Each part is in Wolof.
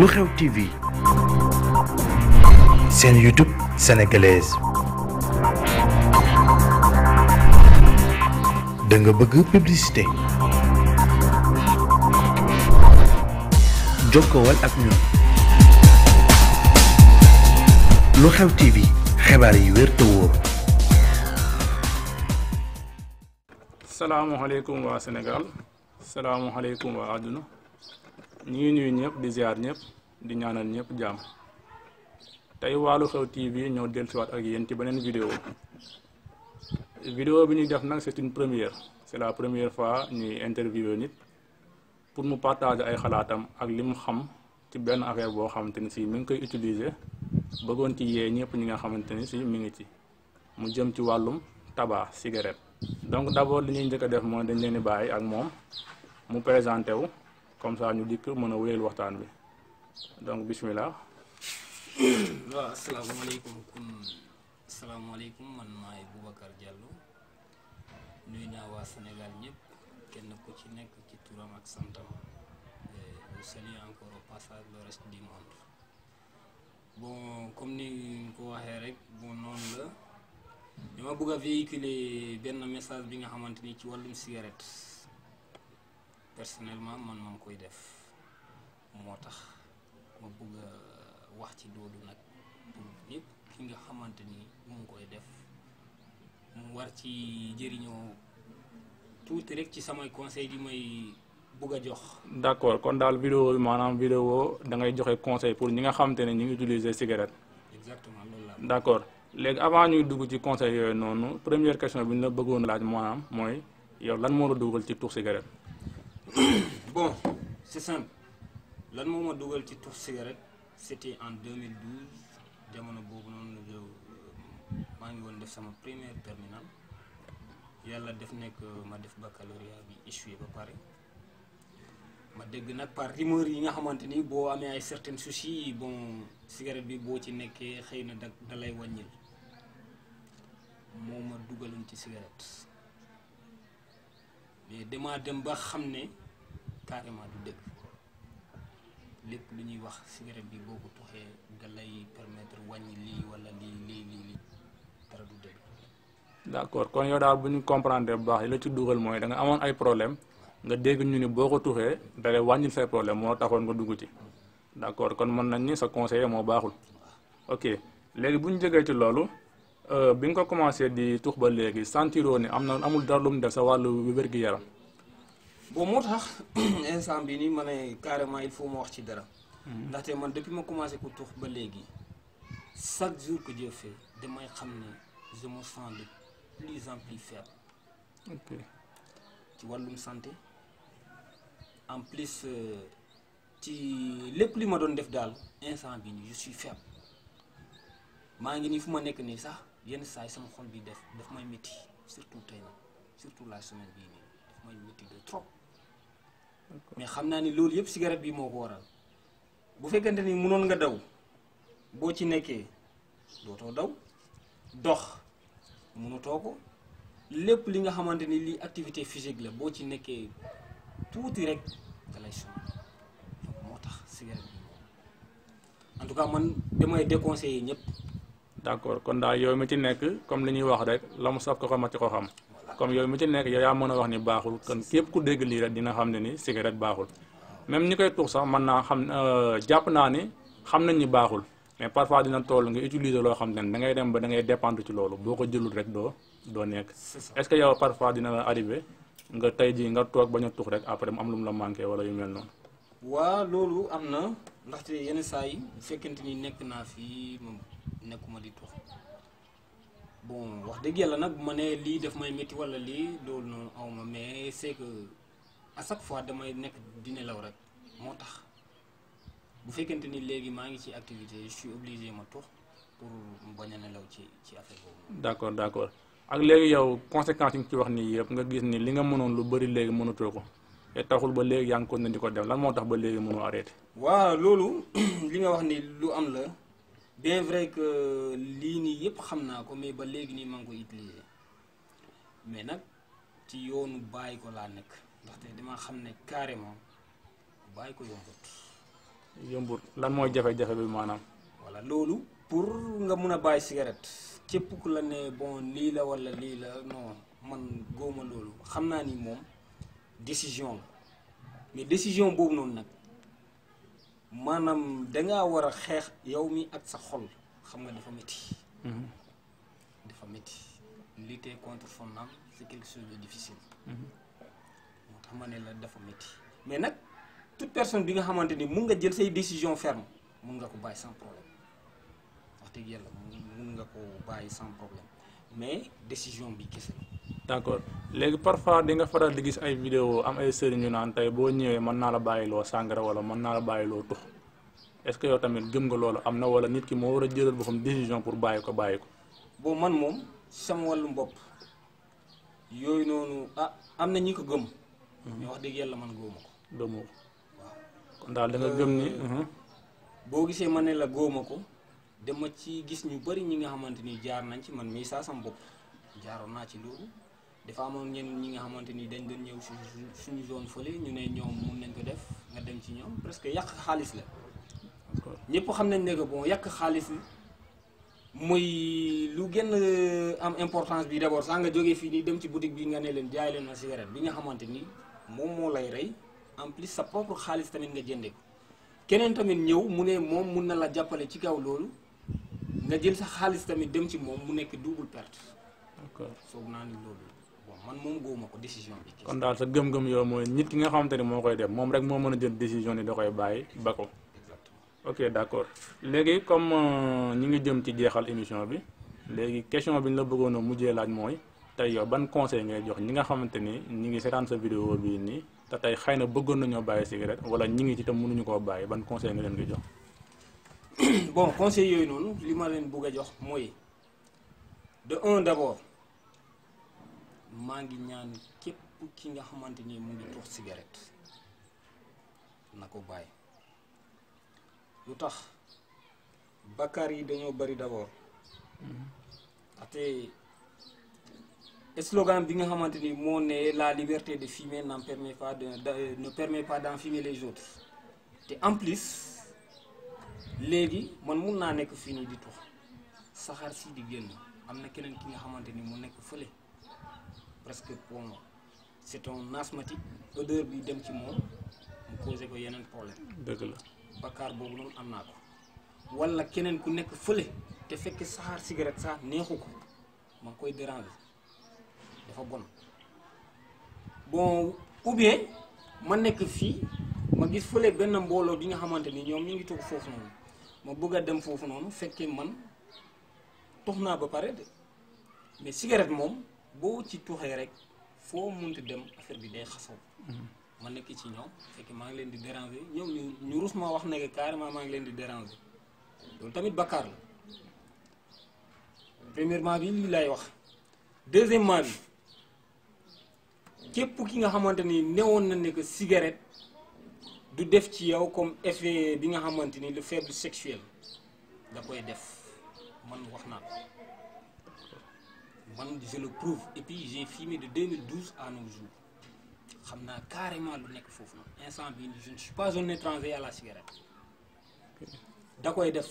lu xew TV seen YouTube sénégalaise da bëgg publicité jokkowal ak ñun lu xew TV xibaar yi wér te wóor. salaamualeykum waa Sénégal salaamualeykum waa àdduna. ñu ngi nuyu ñëpp di ziar ñëpp di ñaanal ñëpp jàmm tey wàllu xew TV ñoo dellusiwaat ak yéen ci beneen vidéo vidéo bi ñuy def nag c'est une première c'est la première fois ñuy interviewer nit pour mu partager ay xalaatam ak li mu xam ci benn affaire boo xamante ni si mi ngi koy utiliser bëggoon ci yee ñëpp ñi nga xamante ni si mi ngi ci mu jëm ci wàllum tabac cigarette donc d'abord li ñuy njëkk def mooy dañ leen di bàyyi ak moom mu présenté wu. comme ça ñu dikk mën a wéyal waxtaan bi donc bismillah waaw asalaamaaleykum asalaamaaleykum man maay Boubacar Diallo nuyu naa waa Sénégal ñëpp kenn ku ci nekk ci turam ak santam vous salue encore au passage le reste du monde bon comme ni ko waxee rek bon noonu la dama bëgg a véhiculer benn message bi nga xamante ni ci wàllum cigarette personnellement man moom koy def moo tax ma bëgg wax ci loolu nag pour ki nga xamante ni mu ngi koy def mu war ci jëriñoo tuuti rek ci samay conseil di may bëgg a jox. d'accord kon daal vidéo bi maanaam vidéo da ngay joxe conseil pour ñi xamante ne ñu ngi utiliser cigarette. exactement loolu la d'accord léegi avant ñuy dugg ci conseil yooyu noonu première question bi ñu la bëggoon laaj maanaam mooy yow lan moo la dugal ci tuux cigarette. bon c'est lan moo ma dugal ci tux cigarette c'était en 2012 jamono boobu noonu euh, maa ngi woon def sama première terminale yàlla def nekk euh, ma def baccalauréat bi échoué ba pare ma dëgg nag par rumeur yi nga xamante ni boo amee ay certains soucis bon cigarette bi boo ci nekkee xëy na da da lay wàññil moo ma dugaloon ci cigarette mais dama dem ba xam ne. carrément du lépp lu ñuy wax cigarette bi boo ko tuxee nga lay permettre wàññi lii wala lii lii lii lii dara du dëgg. d' accord kon yow daal bu ñu comprendre bu baax li la ci dugal mooy danga amoon ay problème nga dégg ñu ni boo ko tuxee da lay wàññil say problème moo taxoon nga dugg ci d' accord kon mën nañ ni sa conseil moo baaxul ok léegi bu ñu jógee ci loolu euh, bi nga ko commencé di tux ba léegi sentiroo ni am na amul dara lu mu def sa wàllu wér-gu-yaram. bon moo tax instant bi nii ma ne carrément il faut ma wax ci dara. Hmm. ndaxte man depuis ma commencé ko tux ba léegi chaque jour que Dieu fait damay xam ne je me sens de plus en plus faible. ci wàllum santé en plus euh, ci lépp li ma doon def daal instant bi nii je suis faible maa ngi nii fu ma nekk nii sax yenn saa yi sama xol bi def daf may métti surtout tey nag surtout la semaine bii nii daf may métti de trop. mais xam naa ni loolu yëpp cigarette bi moo ko waral bu fekkente ni mënoon nga daw boo ci nekkee dootoo daw dox mënutoo ko lépp li nga xamante ni lii activité physique la boo ci nekkee tuuti rek da lay sonn moo tax cigarette bi en tout cas man damay déconseiller ñëpp. d'accord kon daal yooyu mu ci nekk comme li ñuy wax rek la mu saf ko xam ma ci ko xam. comme yooyu mu ci nekk yow yaa mën a wax ni baaxul kon képp ku dégg lii rek dina xam ne ni cigarette baaxul même ñi koy tuux sax man naa xam euh, jàpp naa ni xam nañ ni baaxul mais parfois dina tool nga utiliser loo xam ne da ngay dem ba da dépendre ci loolu boo ko jëlul rek doo doo nekk est-ce que yow parfois dina la arrivé nga tey jii nga toog bañ a tuux rek après mu am lu mu la manqué wala yu mel noonu waa loolu am na ndaxte yenn saa yi fekkent ni nekk naa fii moom nekkuma di tuux bon wax dëgg yàlla nag bu ma nee lii daf may métti wala lii loolu noonu aw ma mais c'est que à chaque fois damay nekk di nelaw rek moo tax bu fekkente ni léegi maa ngi ci activité je suis obligé ma tox pour bañ a nelaw ci ci affaire boobu. d'accord d'accord ak léegi yow conséquences yi nga ci wax nii yëpp nga gis ni li nga mënoon lu bëri léegi mënatoo ko te taxul ba léegi yaa ngi ko di ko dem lan moo tax ba léegi mënoo arrêté. waaw loolu li nga wax ni lu am la. bien vrai que lii nii yëpp xam naa ko mais ba léegi nii maa ngi koy utiliser mais nag ci yoonu bàyyi ko laa nekk ndaxte dama xam ne carrément bàyyi ko yombut. yombut lan mooy jafe-jafe bi maanaam. voilà loolu pour nga mun a bàyyi cigarette képp ku la ne bon lii la walla lii la non man góoma loolu xam naa ni moom décision la mais décision boobu noonu nag. maanaam dangaa war a xeex yow mi ak sa xol xam nga dafa métti mhm. dafa métti lutter contre son âme c'est quelque chose de difficile mhm. moo tax ma ne la dafa métti mais nag tout personne bi nga xamante ni mu nga jël say décision ferme mun nga ko bàyyi sans problème wax dëgg yàlla mun nga ko bàyyi sans problème mais décision bi kese la d'accord léegi parfois di nga faral di gis ay vidéo am ay sëriñ ñu naan tey boo ñëwee man naa la bàyyiloo sàngara wala mën naa la bàyyiloo tux est-ce que yow tamit gëm nga loolu am na wala nit ki moo war a jëlal boppam décision pour bàyyi ko bàyyi ko. boo man moom sama wàllum bopp yooyu noonu ah, am na ñi ko gëm. ñu mhm. wax dëgg yàlla man góoma ko. gëmoo ko daal da nga euh, mhm. boo gisee ma ne la góoma ko dama ci gis ñu bari ñi nga xamante ni jaar nañ ci man mii saa sama bopp jaaroon naa ci loolu. dafa amoon ñenn ñi nga xamante ni dañ doon ñëw suñu suñu zone fële ñu ne ñoom mun nañ ko def nga dem ci ñoom presque yàq xaalis la. ñëpp xam nañ ne que bon yàq xaalis mooy lu gën am importance bi d' abord saa fii nii dem ci boutique bi nga ne leen jaay leen ma cigarette nga xamante ni moom moo lay rey en plus sa propre xaalis tamit nga jëndee ko keneen tamit ñëw mu ne moom mun na la jàppale ci kaw loolu nga jël sa xaalis tamit dem ci moom mu nekk double perte. soo accord naa ni loolu. man moom góoma ko décision bi. kon daal sa gëm-gëm yow mooy nit ki nga xamante ni moo koy def moom rek moo mën a jël décision ni da koy bàyyi ba ko. ok d' accord léegi comme euh, ñu ngi jëm ci jeexal émission bi léegi question bi ñu la bëggoon a mujjee laaj mooy tey yow ban conseil ngay jox ñi nga xamante ni ñi ngi seetaan sa vidéo bii nii te tey xëy na bëggoon nañoo bàyyi cigarette wala ñi ngi ci te mënuñu koo bàyyi ban conseil nga leen di jox. bon conseil yooyu noonu li ma leen bëgg a jox mooy de d' abord. maa ngi ñaan képp ki nga xamante ni mu ngi tux cigarette na ko bàyyi lu tax bakkaar yi dañoo bari d'abord ate slogan bi nga xamante ni moo ne la liberté de fumer n'en permet pas de ne permet pas d'enfumer les autres te en plus léegi man mun naa nekk fii nii di tux saxaar si di génn am na keneen ki nga xamante ni mu nekk fële parce que bon c'est un asthmatique odeur bi dem ci moom mu posé ko yeneen problème. dëgg la bakkaar boobu noonu am naa ko. wala keneen ku nekk fële te fekk saxaar cigarette sax neexu ko ma ngi koy déranger dafa bon bon ou bien ma nekk fii ma gis fële benn mbooloo bi nga xamante ni ñoom ñu ngi toog foofu noonu ma bëgg a dem foofu noonu fekkee man tox naa ba pare de mais cigarette moom. boo ci tuxee rek foo munti dem affaire bi day xasaw mm-hmm. ma nekk ci ñëw fekk maa ngi leen di déranger ñoom ñu ñu ma wax ne carrément maa ngi leen di déranger loolu tamit bakkaar la premièrement bi lii laay wax deuxièmement bi képp ki nga xamante ni newoon na nekk que cigarette du def ci yow comme effet bi nga xamante ni le faible sexuel da koy def man wax naa ko man je le prouve et puis j'ai filmé de 2012 à nos jours xam naa carrément lu nekk foofu noonu instant bii je ne suis pas un étranger à la cigarette da koy def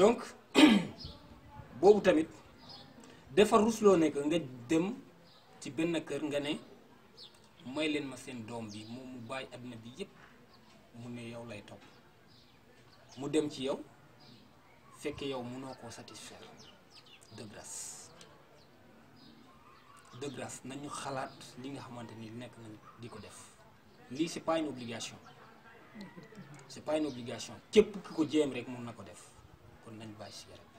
donc boobu tamit dafa rusloo nekk nga dem ci benn kër nga ne may leen ma seen doom bi moom mu bàyyi àdduna bi yépp mu ne yow lay topp mu dem ci yow fekk yow mënoo ko satisfaire de grâce de grâce nañu xalaat li nga xamante ni nekk nañ di ko def lii c'est pas une obligation c'est pas une obligation képp ki ko jéem rek mun na ko def kon nañ bàyyi cigarette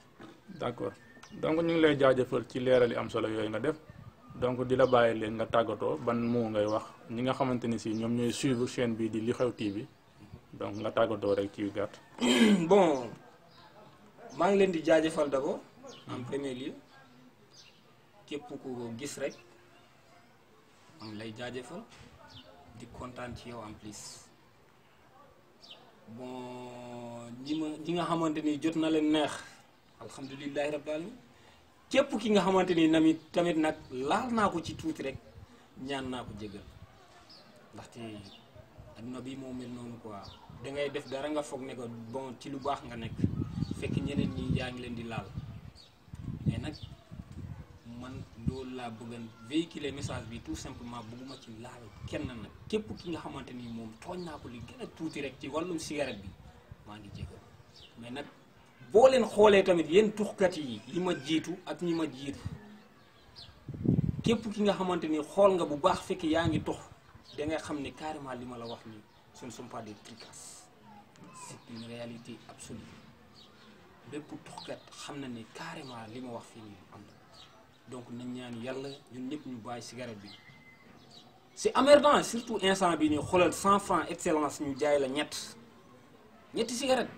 bi d'accord donc ñu ngi lay jaajëfal ci leeral yi am solo yooyu nga def donc di la bàyyi leen nga tàggatoo ban moo ngay wax ñi nga xamante ni si ñoom ñooy suivre chaîne bii di li xew TV donc nga tàggatoo rek ci gàtt bon maa ngi leen di jaajëfal d'abord en mm-hmm. premier lieu képp ku ko gis rek maa lay jaajëfal di kontaan ci yow en plus bon ñi ma ñi nga xamante ni jot na leen neex alhamdulilahi rabbil alamin képp ki nga xamante ni namit tamit nag laal naa ko ci tuuti rek ñaan naa ko jégal ndaxte adduna bi moo mel noonu quoi da ngay def dara nga foog ne ko bon ci lu baax nga nekk fekk ñeneen ñi yaa ngi leen di laal mais nag man loolu laa bëgg bëggan véhiculer message bi tout simplement bëgguma ci laal kenn nag képp ki nga xamante ni moom tooñ naa ko li gën a tuuti rek ci wàllum cigarette bi maa ngi jégal mais nag boo leen xoolee tamit yéen tuxkat yi li ma jiitu ak ñi ma jiitu képp ki nga xamante ni xool nga bu baax fekk yaa ngi tux da xam ne carrément li ma la wax ni ce ne pas des tricas c'est une réalité absolue bépp tuxkat xam na ni carrément li ma wax fii nii am na donc nañ ñaan yàlla ñun ñëpp ñu bàyyi cigarette bi ci emmerdant surtout instant bi nii xoolal cent francs excellence ñu jaay la ñett ñetti cigarette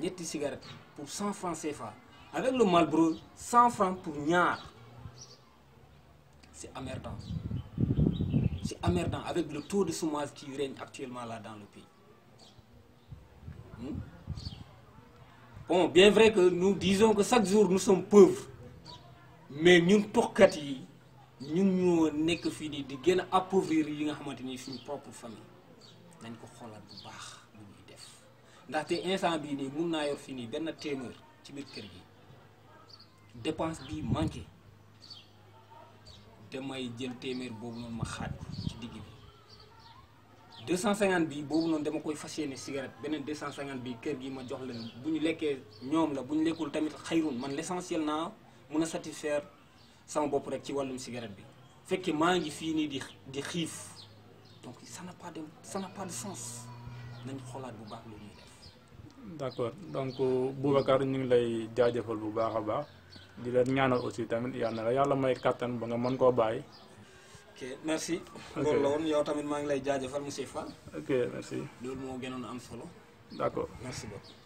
ñetti cigarette pour cent francs CFA avec le Marlboro cent francs pour ñaar c'est emmerdant c'est emmerdant avec le tout de chômage qui règne actuellement là dans le pays hmm? bon bien vrai que nous disons que chaque jour nous sommes pauvres mais ñun tukkat yi ñun ñoo nekk fii nii di gën a appauvrir yi nga xamante ni suñu propre famille dañ ko xoolaat bu baax lu ñuy def ndaxte instant bii nii mun naa yor fii nii benn téeméer ci biir kër gi dépense bi manqué damay jël téeméer boobu noonu ma xaaj ci digg bi 250 bi boobu noonu dama koy fas yéene cigarette beneen 250 bi kër gi ma jox leen bu ñu lekkee ñoom la bu ñu lekkul tamit xayrun man l'essentiel naa. mun a satisfaire sama bopp rek ci wàllum cigarette bi fekkee maa ngi fii nii di di xiif donc ça n'a pas de ça pas de sens nañ xoolaat bu baax lu ñuy def. d'accord donc Boubacar ñu ngi lay jaajëfal bu baax a baax di leen ñaanal aussi tamit yal na la yàlla may kàttan ba nga mën koo bàyyi. ok merci. ok loolu la woon yow tamit maa ngi lay jaajëfal monsieur Fall. ok merci. loolu moo gënoon am solo. d'accord merci